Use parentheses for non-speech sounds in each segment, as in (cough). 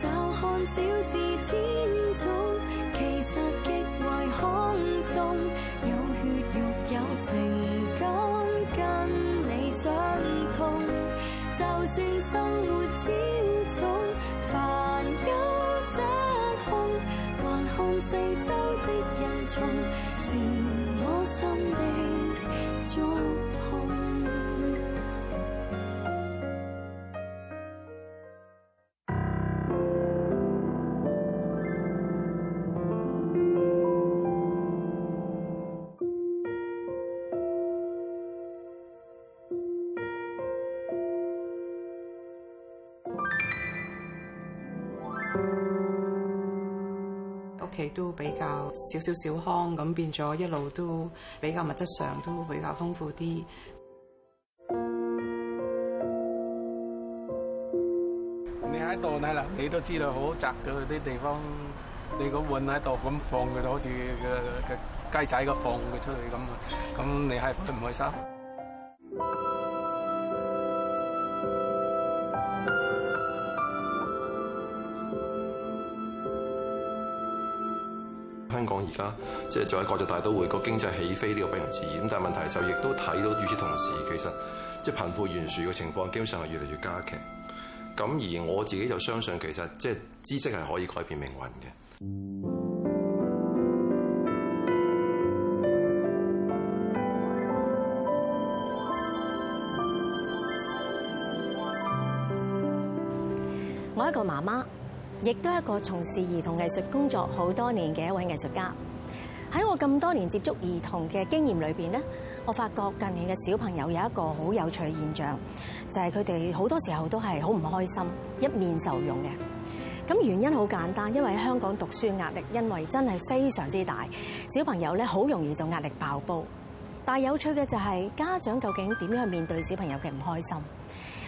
就看小事千種，其實極為空洞。有血肉有情感，跟你相通。就算生活千重，煩憂失控，還看四周的人從，是我心的重。屋企都比較少少小康，咁變咗一路都比較物質上都比較豐富啲。你喺度啦，你都知道，好窄嘅，啲地方，你個碗喺度咁放佢，就好似嘅嘅雞仔咁放佢出去咁啊！咁你係唔開心？ (laughs) 即係作為國際大都會，個經濟起飛呢個不容置疑，咁但係問題就亦都睇到，與此同時其實即係貧富懸殊嘅情況，基本上係越嚟越加劇。咁而我自己就相信，其實即係知識係可以改變命運嘅。我一個媽媽，亦都一個從事兒童藝術工作好多年嘅一位藝術家。喺我咁多年接觸兒童嘅經驗裏面，我發覺近年嘅小朋友有一個好有趣嘅現象，就係佢哋好多時候都係好唔開心，一面受用嘅。咁原因好簡單，因為香港讀書壓力，因為真係非常之大，小朋友咧好容易就壓力爆煲。但係有趣嘅就係家長究竟點樣去面對小朋友嘅唔開心？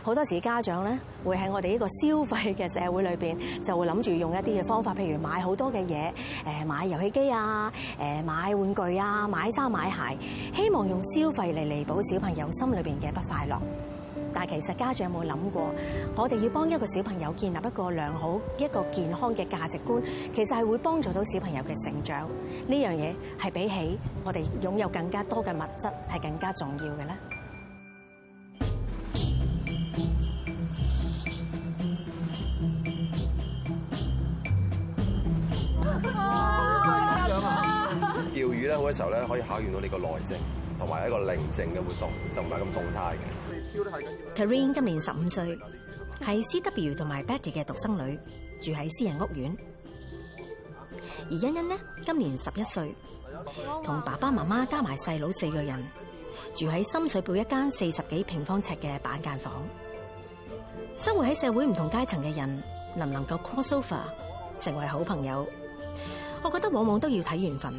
好多時家長咧，會喺我哋呢個消費嘅社會裏邊就會諗住用一啲嘅方法，譬如買好多嘅嘢，誒買遊戲機啊，誒買玩具啊，買衫買鞋，希望用消費嚟彌補小朋友心裏邊嘅不快樂。但係其實家長有冇諗過，我哋要幫一個小朋友建立一個良好、一個健康嘅價值觀，其實係會幫助到小朋友嘅成長。呢樣嘢係比起我哋擁有更加多嘅物質係更加重要嘅咧。嘅時候咧，可以考驗到你個耐性同埋一個寧靜嘅活動，就唔係咁動態嘅。Karin 今年十五歲，係 C W 同埋 Betty 嘅獨生女，住喺私人屋苑。而欣欣呢今年十一歲，同爸爸媽媽加埋細佬四個人住喺深水埗一間四十幾平方尺嘅板間房。生活喺社會唔同階層嘅人，能唔能夠 cross over 成為好朋友？我覺得往往都要睇緣分。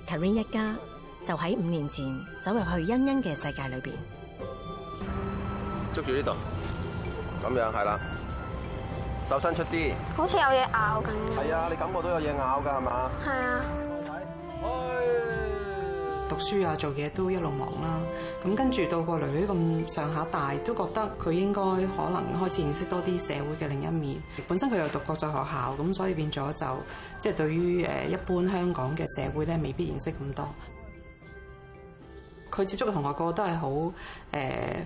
k a r e n 一家就喺五年前走入去欣欣嘅世界裏邊。捉住呢度，咁樣係啦，手伸出啲。好似有嘢咬咁。係啊，你感覺都有嘢咬噶係嘛？係啊。讀書啊，做嘢都一路忙啦、啊。咁跟住到個女咁上下大，都覺得佢應該可能開始認識多啲社會嘅另一面。本身佢又讀國際學校，咁所以變咗就即係、就係、對於一般香港嘅社會咧，未必認識咁多。佢接觸嘅同學個個都係好誒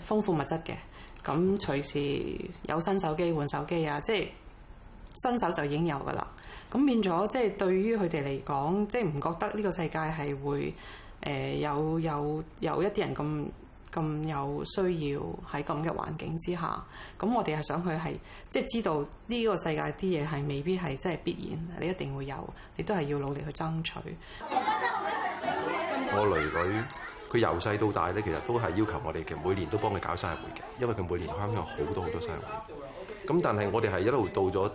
豐富物質嘅，咁隨時有新手機換手機啊，即係新手就已經有噶啦。咁變咗即係對於佢哋嚟講，即係唔覺得呢個世界係會。誒、呃、有有有一啲人咁咁有需要喺咁嘅環境之下，咁我哋係想佢係即係知道呢個世界啲嘢係未必係即係必然，你一定會有，你都係要努力去爭取。我女女，佢由細到大咧，其實都係要求我哋嘅，每年都幫佢搞生日會嘅，因為佢每年生日有好多好多生日會。咁但係我哋係一路到咗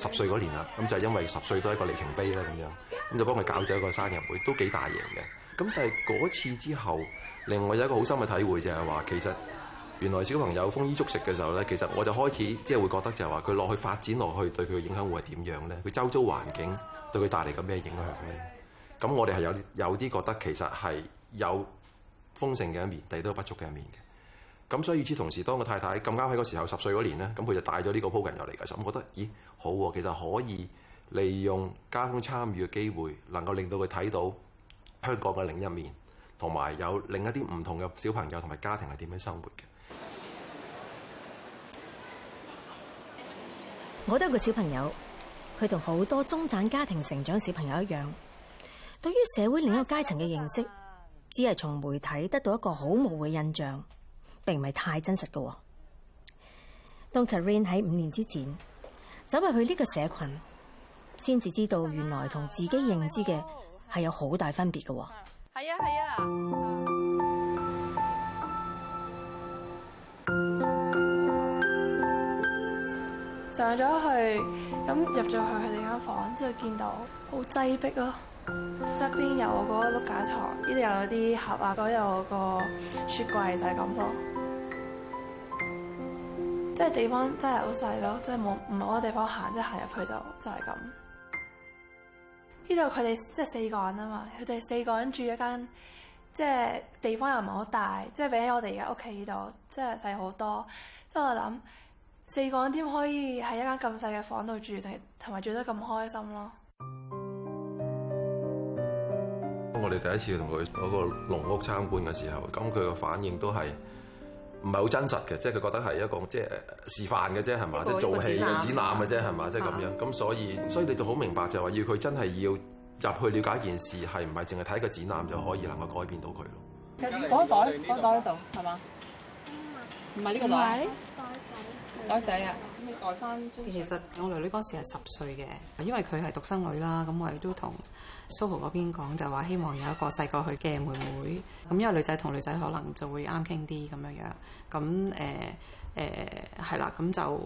十歲嗰年啦，咁就係因為十歲都係一個里程碑啦，咁樣，咁就幫佢搞咗一個生日會，都幾大型嘅。咁但係嗰次之後，另外有一個好深嘅體會就係話，其實原來小朋友豐衣足食嘅時候咧，其實我就開始即係會覺得就係話，佢落去發展落去，對佢嘅影響會係點樣咧？佢周遭環境對佢帶嚟咁咩影響咧？咁我哋係有有啲覺得，其實係有豐盛嘅一面，亦都有不足嘅一面嘅。咁，所以與此同時，當我太太咁啱喺個時候十歲嗰年咧，咁佢就帶咗呢個 program 入嚟嘅，所以我覺得，咦，好、啊、其實可以利用家鄉參與嘅機會，能夠令到佢睇到香港嘅另一面，同埋有另一啲唔同嘅小朋友同埋家庭係點樣生活嘅。我都有個小朋友，佢同好多中產家庭成長小朋友一樣，對於社會另一個階層嘅認識，只係從媒體得到一個好模糊嘅印象。並唔係太真實嘅。當 Karin 喺五年之前走入去呢個社群，先至知道原來同自己認知嘅係的有好大分別嘅。係啊，係啊！是是是上咗去了，咁入咗去佢哋間房之後，見到好擠迫咯。側邊有嗰個碌架床，呢度有啲盒啊，嗰度有個雪櫃就係咁噃。即係地方真係好細咯，即係冇唔係好多地方行，即係行入去就就係咁。呢度佢哋即係四個人啊嘛，佢哋四個人住一間，即係地方又唔係好大，即係比起我哋嘅屋企度，即係細好多。即係我諗四個人點可以喺一間咁細嘅房度住，同同埋住得咁開心咯。我哋第一次同佢嗰個農屋參觀嘅時候，咁佢嘅反應都係。唔係好真實嘅，即係佢覺得係一個即係示範嘅啫，係嘛，個即係做戲嘅展覽嘅啫，係嘛吧，即係咁樣。咁所以，嗯、所以你就好明白就係話，要佢真係要入去了解一件事，係唔係淨係睇個展覽就可以能夠改變到佢咯？嗰個袋，嗰個袋喺度，係嘛？唔係呢個袋。個袋仔。是袋仔啊！其實我女女嗰時係十歲嘅，因為佢係獨生女啦，咁我亦都同蘇豪嗰邊講，就話希望有一個細過佢嘅妹妹，咁因為女仔同女仔可能就會啱傾啲咁樣樣，咁誒誒係啦，咁、呃呃、就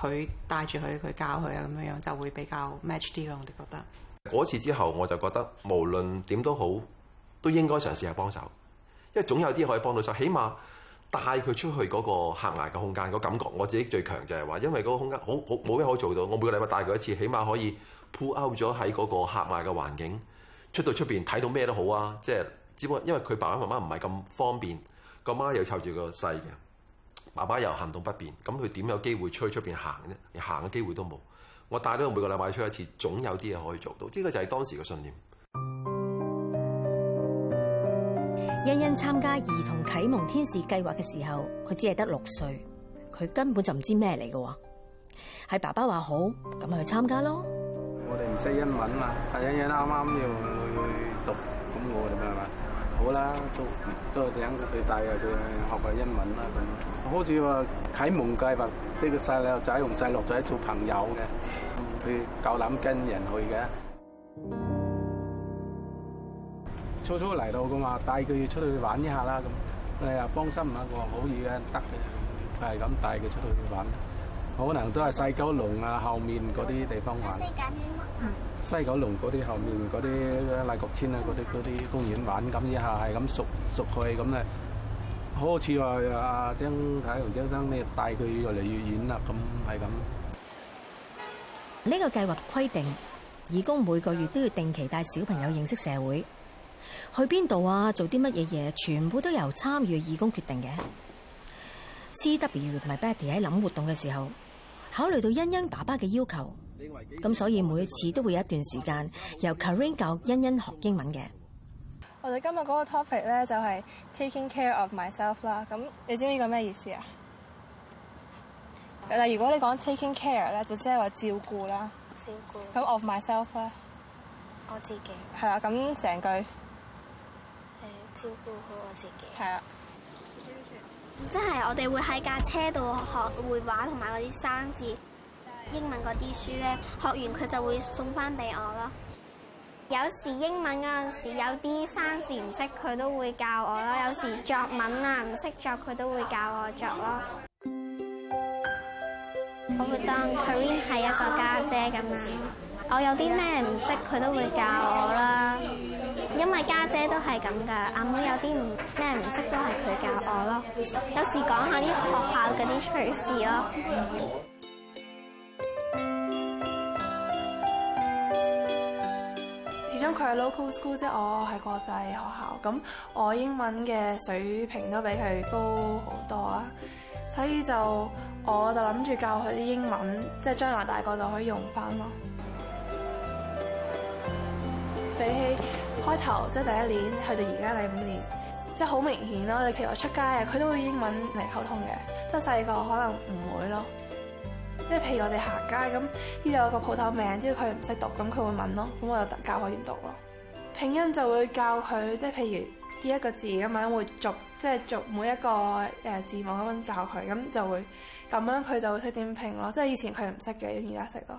佢帶住佢，佢教佢啊咁樣樣就會比較 match 啲咯，我哋覺得嗰次之後，我就覺得無論點都好，都應該嘗試下幫手，因為總有啲可以幫到手，起碼。帶佢出去嗰個客難嘅空間，嗰個感覺我自己最強就係話，因為嗰個空間好好冇咩可以做到。我每個禮拜帶佢一次，起碼可以 pull out 咗喺嗰個客難嘅環境出到出邊睇到咩都好啊。即係只不過因為佢爸爸媽媽唔係咁方便，母母又個媽又湊住個細嘅，爸爸又行動不便，咁佢點有機會出去出邊行啫？行嘅機會都冇。我帶咗佢每個禮拜出去一次，總有啲嘢可以做到。呢個就係當時嘅信念。欣欣參加兒童啟蒙天使計劃嘅時候，佢只係得六歲，佢根本就唔知咩嚟嘅。係爸爸話好，咁咪去參加咯。我哋唔識英文嘛，係欣欣啱啱要去讀，咁我哋咪係嘛，好啦，都都係等佢帶啊，佢學下英文啦。好似話啟蒙計劃，呢個細路仔同細路仔做朋友嘅，佢夠膽跟人去嘅。初初嚟到噶嘛，帶佢出去玩一下啦。咁你又放心啦。我話可以嘅，得嘅，係咁帶佢出去玩。可能都係西九龍啊，後面嗰啲地方玩。西九龍嗰啲後面嗰啲麗閣村啊，嗰啲嗰啲公園玩咁一下，係咁熟熟去咁咧。好似話阿張太同張生咧帶佢越嚟越遠啦，咁係咁。呢個計劃規定義工每個月都要定期帶小朋友認識社會。去邊度啊？做啲乜嘢嘢？全部都由參與義工決定嘅。C.W. 同埋 Betty 喺諗活動嘅時候，考慮到欣欣爸爸嘅要求，咁所以每次都會有一段時間由 Karin 教欣欣學英文嘅。我哋今日嗰個 topic 咧就係 taking care of myself 啦。咁你知唔知個咩意思啊？嗱，如果你講 taking care 咧，就即係話照顧啦。照顧。咁 of myself 啦，我自己。係啦，咁成句。照顧好我自己。係啊了，即係 (music) 我哋會喺架車度學繪畫同埋嗰啲生字、英文嗰啲書咧，學完佢就會送翻俾我咯。有時英文嗰陣時有啲生字唔識，佢都會教我咯。有時作文啊唔識作，佢都會教我作咯。我會當佢 a r 係一個家姐咁啊，我有啲咩唔識，佢都會教我。因為家姐都係咁㗎，阿妹有啲唔咩唔識都係佢教我咯。有時講下啲學校嗰啲趣事咯。始終佢係 local school 啫，即係我係國際學校。咁我英文嘅水平都比佢高好多啊，所以就我就諗住教佢啲英文，即係將來大個就可以用返咯。比起開頭即係第一年去到而家第五年，即係好明顯咯。你譬如我出街啊，佢都會英文嚟溝通嘅。即係細個可能唔會咯，即係譬如我哋行街咁，呢度有個鋪頭名，之後佢唔識讀，咁佢會問咯，咁我就教佢點讀咯。拼音就會教佢，即係譬如呢一個字咁樣，會逐即係逐每一個誒字母咁樣教佢，咁就會咁樣佢就會識點拼咯。即係以前佢唔識嘅，而家識咯。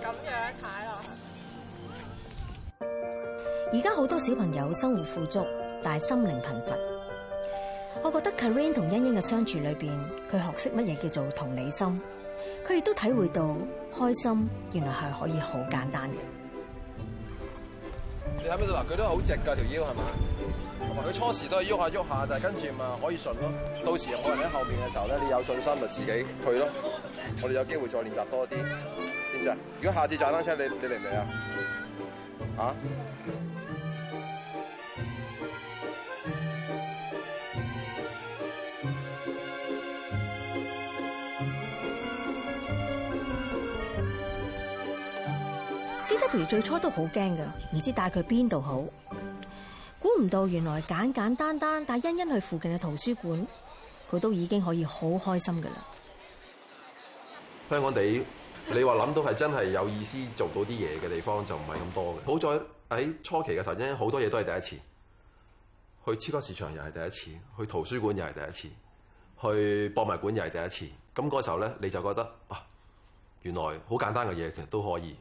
咁樣踩落去。而家好多小朋友生活富足，但係心靈貧乏。我覺得 Karin 同欣欣嘅相處裏邊，佢學識乜嘢叫做同理心，佢亦都體會到開心原來係可以好簡單嘅。你睇唔到嗱，佢都好直噶條腰係嘛？同埋佢初時都係喐下喐下，但係跟住咪可以順咯。到時我喺後面嘅時候咧，你有信心咪自己去咯。我哋有機會再練習多啲，天爵。如果下次踩單車，你你嚟唔嚟啊？啊？CW 最初都好驚噶，唔知帶佢邊度好。唔到，原來簡簡單單，帶欣欣去附近嘅圖書館，佢都已經可以好開心噶啦。香港地，你話諗到係真係有意思，做到啲嘢嘅地方就唔係咁多嘅。 (laughs) 好在喺初期嘅時候，因好多嘢都係第一次去超級市場，又係第、第、啊、第一次去圖書館，又係第一次去博物館，又係第一次。咁嗰時候咧，你就覺得啊，原來好簡單嘅嘢其實都可以。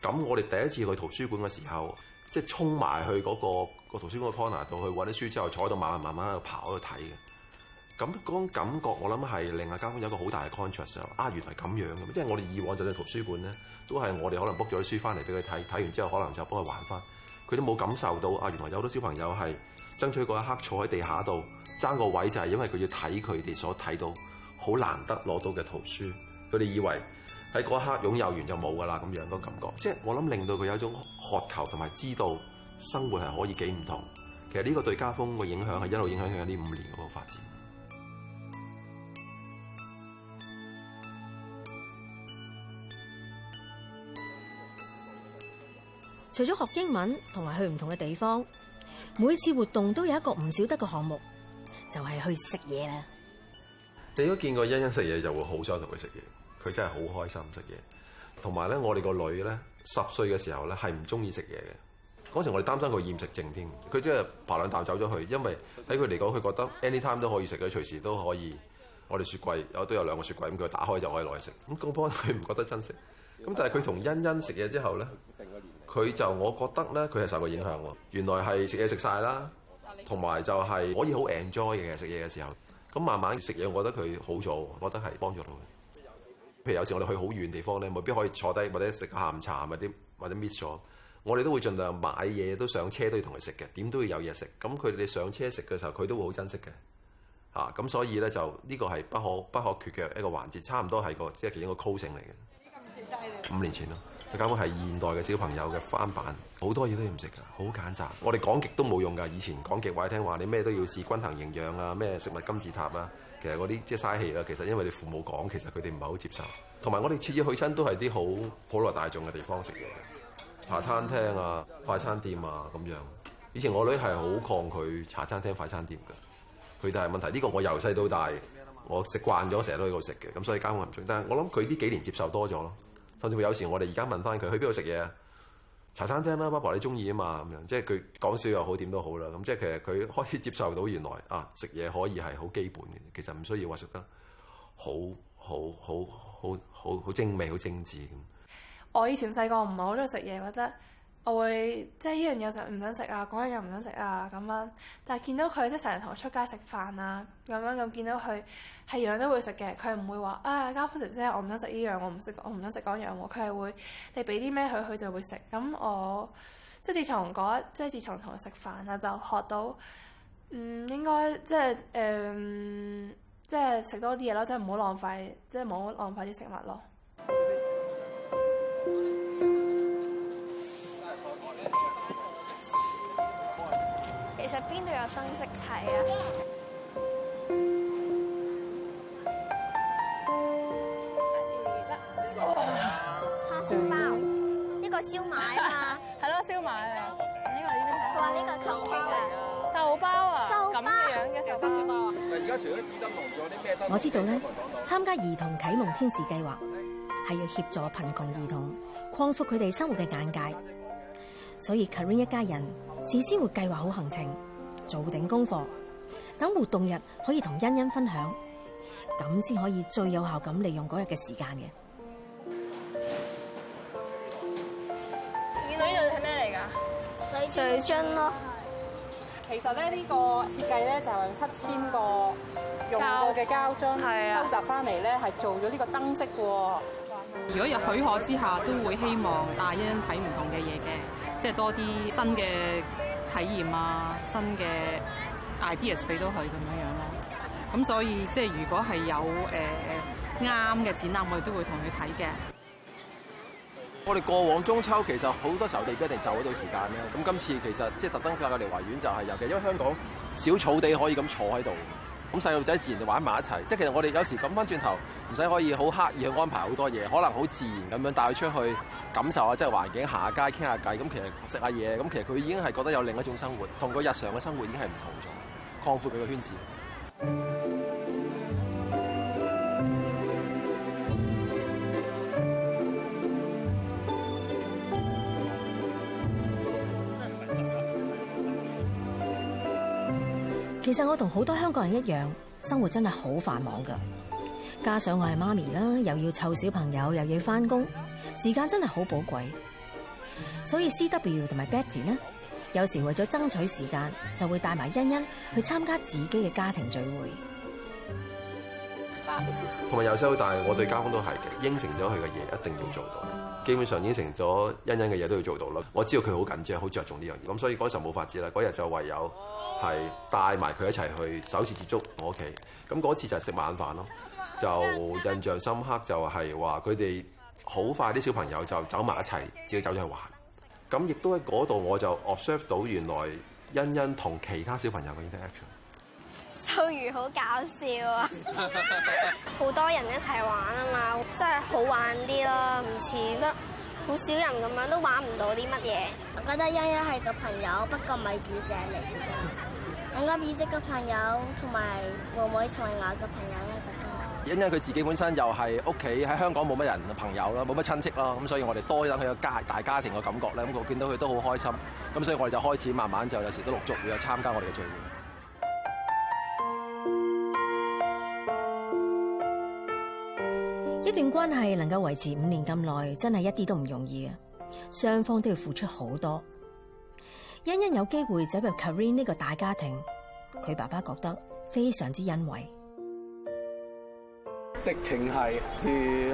咁我哋第一次去圖書館嘅時候。即係衝埋去嗰個個圖書館個 corner 度去搵啲書之後，坐喺度慢慢慢慢喺度爬喺度睇嘅。咁嗰種感覺，我諗係另外間屋有一個好大嘅 contrast 啊！原來咁樣嘅，即係我哋以往就係圖書館咧，都係我哋可能 book 咗啲書翻嚟俾佢睇，睇完之後可能就幫佢還翻。佢都冇感受到啊！原來有好多小朋友係爭取嗰一刻坐喺地下度爭個位，就係因為佢要睇佢哋所睇到好難得攞到嘅圖書。佢哋以為。喺嗰刻擁有完就冇噶啦，咁樣個感覺，即係我諗令到佢有一種渴求同埋知道生活係可以幾唔同。其實呢個對家風嘅影響係一路影響佢喺呢五年嗰個發展。嗯嗯、除咗學英文同埋去唔同嘅地方，每次活動都有一個唔少得嘅項目，就係去食嘢啦。你如果見過欣欣食嘢，就會好想同佢食嘢。佢真係好開心食嘢，同埋咧，我哋個女咧十歲嘅時候咧係唔中意食嘢嘅。嗰時我哋擔心佢厭食症添，佢即係爬兩啖走咗去。因為喺佢嚟講，佢覺得 anytime 都可以食，佢隨時都可以。我哋雪櫃有都有兩個雪櫃，咁佢打開就可以攞去食。咁嗰幫佢唔覺得珍惜。咁但係佢同欣欣食嘢之後咧，佢就我覺得咧佢係受過影響喎。原來係食嘢食晒啦，同埋就係可以好 enjoy 嘅食嘢嘅時候。咁慢慢食嘢，我覺得佢好咗，是是慢慢我覺得係幫助到佢。譬如有時我哋去好遠地方咧，未必可以坐低或者食下午茶，或者或者 miss 咗，我哋都會盡量買嘢，都上車都要同佢食嘅，點都要有嘢食。咁佢哋上車食嘅時候，佢都會好珍惜嘅。嚇、啊、咁所以咧就呢、這個係不可不可缺嘅一個環節，差唔多係個即係一個 coating 嚟嘅。五年前咯。佢根本係現代嘅小朋友嘅翻版，好多嘢都唔食噶，好簡雜。我哋講極都冇用噶。以前講極話聽話，你咩都要試均衡營養啊，咩食物金字塔啊，其實嗰啲即係嘥氣啦。其實因為你父母講，其實佢哋唔係好接受。同埋我哋次次去親都係啲好普羅大眾嘅地方食嘢，茶餐廳啊、快餐店啊咁樣。以前我女係好抗拒茶餐廳、快餐店嘅，佢但係問題呢個我由細到大，我食慣咗，成日都喺度食嘅，咁所以間屋唔中。但係我諗佢呢幾年接受多咗咯。甚至乎有時我哋而家問翻佢去邊度食嘢，茶餐廳啦，爸爸你中意啊嘛咁樣，即係佢講笑又好，點都好啦。咁即係其實佢開始接受到原來啊，食嘢可以係好基本嘅，其實唔需要話食得好好好好好好精美好精緻。我以前細個唔係好中意食嘢，覺得。我會即係依樣嘢就唔想食啊，嗰樣又唔想食啊咁樣。但係見到佢即係成日同我出街食飯啊咁樣，咁見到佢係樣樣都會食嘅。佢唔會話啊、哎，家姐姐，我唔想食呢樣，我唔食，我唔想食嗰樣喎。佢係會你俾啲咩佢，佢就會食。咁我即係自從嗰，即係自從同佢食飯啊，就學到嗯，應該即係誒，即係食多啲嘢咯，即係唔好浪費，即係唔好浪費啲食物咯。Okay. 邊度有新式睇啊？叉燒包，呢個燒賣啊嘛，係咯燒賣啊，呢個呢邊佢話呢個球包，豆包啊，咁樣嘅叉燒包。嗱，而家除咗資金，仲有啲咩？我知道咧，參加兒童啟蒙天使計劃係要協助貧窮兒童擴闊佢哋生活嘅眼界，所以 Karin 一家人事先會計劃好行程。做定功課，等活動日可以同欣欣分享，咁先可以最有效咁利用嗰日嘅時間嘅。見到呢度係咩嚟㗎？洗水樽咯。其實咧呢個設計咧就係七千個用過嘅膠樽收集翻嚟咧，係做咗呢個燈飾嘅喎。的如果有許可之下，都會希望帶欣欣睇唔同嘅嘢嘅，即係多啲新嘅。體驗啊，新嘅 ideas 俾到佢咁樣樣咯。咁所以即係如果係有誒啱嘅展覽，我哋都會同佢睇嘅。我哋過往中秋其實好多時候，我哋不一定就嗰段時間咧。咁今次其實即係特登隔嚟維園就係有嘅，因為香港少草地可以咁坐喺度，咁細路仔自然就玩埋一齊，即係其實我哋有時撳翻轉頭，唔使可以好刻意去安排好多嘢，可能好自然咁樣帶佢出去感受下即係環境，行下街傾下偈，咁其實食下嘢，咁其實佢已經係覺得有另一種生活，同個日常嘅生活已經係唔同咗，擴闊佢嘅圈子。其實我同好多香港人一樣，生活真係好繁忙噶，加上我係媽咪啦，又要湊小朋友，又要翻工，時間真係好寶貴。所以 CW 同埋 Betty 呢，有時為咗爭取時間，就會帶埋欣欣去參加自己嘅家庭聚會。同埋有收，但係我對家康都係嘅，應承咗佢嘅嘢，一定要做到。基本上已經成咗欣欣嘅嘢都要做到咯。我知道佢好緊張好着重呢樣嘢。咁所以嗰時候冇法子啦。嗰日就唯有係帶埋佢一齊去首次接觸我屋企。咁次就係食晚飯咯。就印象深刻就係話佢哋好快啲小朋友就走埋一齊自己走咗去玩。咁亦都喺度我就 observe 到原來欣欣同其他小朋友嘅 interaction。秋魚好搞笑啊！好多人一齊玩啊嘛，真係好玩啲咯，唔似得好少人咁樣都玩唔到啲乜嘢。我覺得欣欣係個朋友，不過唔係表姐嚟嘅。的我，的我覺得表姐嘅朋友同埋妹妹蔡雅嘅朋友咧，就得，欣欣佢自己本身又係屋企喺香港冇乜人嘅朋友啦，冇乜親戚咯，咁所以我哋多咗佢有家大家庭嘅感覺咧。咁我見到佢都好開心，咁所以我哋就開始慢慢就有時都陸續會有參加我哋嘅聚會。呢段關係能夠維持五年咁耐，真係一啲都唔容易啊！雙方都要付出好多。欣欣有機會走入 Karin 呢個大家庭，佢爸爸覺得非常之欣慰。直情係、嗯，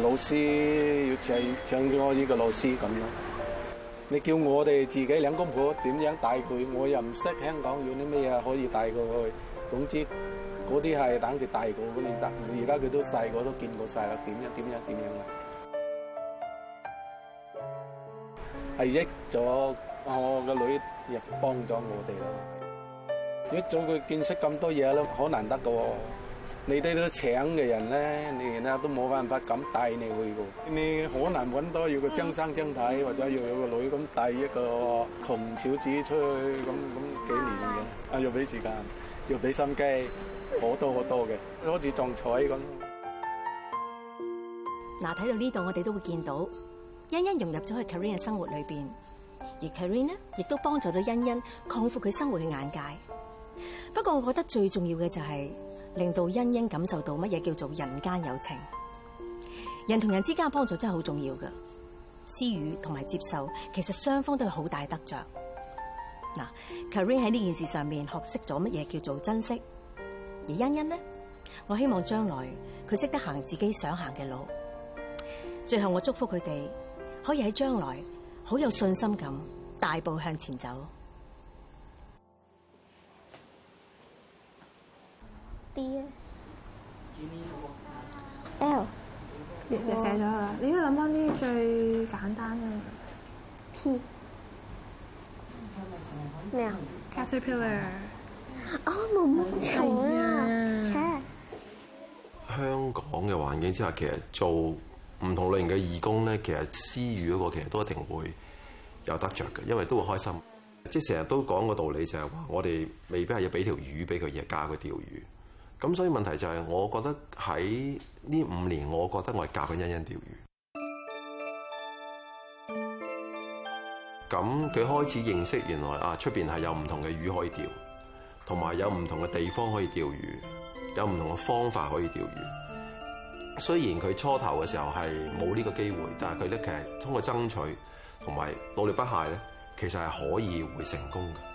老師要就係請咗呢個老師咁樣。你叫我哋自己兩公婆點樣帶佢，我又唔識香港要有啲咩嘢可以帶佢去。總之。嗰啲係等佢大個，咁你得而家佢都細個都見過晒啦，點樣點樣點樣啊！係益咗我個女，亦幫咗我哋咯。益咗佢見識咁多嘢咯，都好難得噶喎！你哋都請嘅人咧，你而家都冇辦法咁帶你去噶。你好難搵到要個張生張體，或者要有個女咁帶一個窮小子出去咁咁幾年嘅，啊，要俾時間。要俾心機好多好多嘅，好似撞彩咁。嗱，睇到呢度，我哋都會見到，欣欣融入咗去 Karin 嘅生活裏邊，而 Karin 呢，亦都幫助咗欣欣擴闊佢生活嘅眼界。不過，我覺得最重要嘅就係、是、令到欣欣感受到乜嘢叫做人間友情，人同人之間嘅幫助真係好重要㗎。施予同埋接受，其實雙方都有好大得着。嗱 Karen 喺呢件事上面學識咗乜嘢叫做珍惜，而欣欣呢，我希望將來佢識得行自己想行嘅路。最後，我祝福佢哋可以喺將來好有信心咁大步向前走。D B. L，又寫咗啦，你應該諗翻啲最簡單嘅。P 咩啊？Caterpillar 哦，毛毛蟲啊，雀。香港嘅環境之下，其實做唔同類型嘅義工咧，其實施予嗰個其實都一定會有得着嘅，因為都會開心。即係成日都講個道理就係話，我哋未必係要俾條魚俾佢而係教佢釣魚。咁所以問題就係，我覺得喺呢五年，我覺得我係教緊欣欣釣魚。咁佢開始認識原來啊，出面係有唔同嘅魚可以釣，同埋有唔同嘅地方可以釣魚，有唔同嘅方法可以釣魚。雖然佢初頭嘅時候係冇呢個機會，但係佢咧其實通過爭取同埋努力不懈咧，其實係可以會成功嘅。